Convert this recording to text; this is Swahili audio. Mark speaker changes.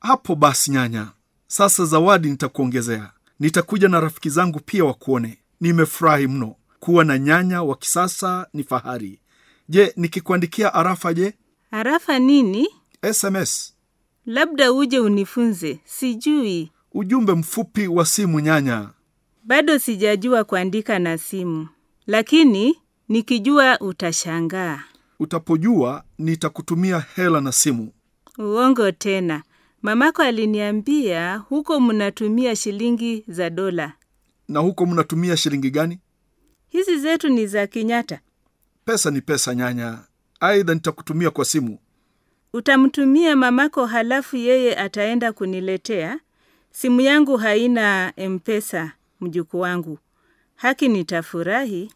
Speaker 1: Hapo basi nyanya, sasa zawadi nitakuongezea. Nitakuja na rafiki zangu pia wakuone. Nimefurahi mno kuwa na nyanya wa kisasa, ni fahari. Je, nikikuandikia arafa? Je, arafa nini? SMS. Labda uje
Speaker 2: unifunze, sijui.
Speaker 1: Ujumbe mfupi wa
Speaker 2: simu nyanya. Bado sijajua kuandika na simu, lakini nikijua utashangaa.
Speaker 1: Utapojua nitakutumia hela na simu.
Speaker 2: Uongo tena, Mamako aliniambia huko mnatumia shilingi za dola.
Speaker 1: Na huko mnatumia shilingi gani?
Speaker 2: Hizi zetu ni za Kenyatta.
Speaker 1: Pesa ni pesa, nyanya. Aidha nitakutumia kwa simu.
Speaker 2: Utamtumia mamako, halafu yeye ataenda kuniletea. Simu yangu haina Mpesa, mjukuu wangu. Haki nitafurahi.